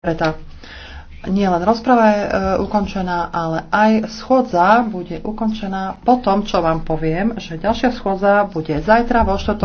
preta. Nie len rozprava je e, ukončená, ale aj schôdza bude ukončená po tom, čo vám poviem, že ďalšia schôdza bude zajtra vo štoto.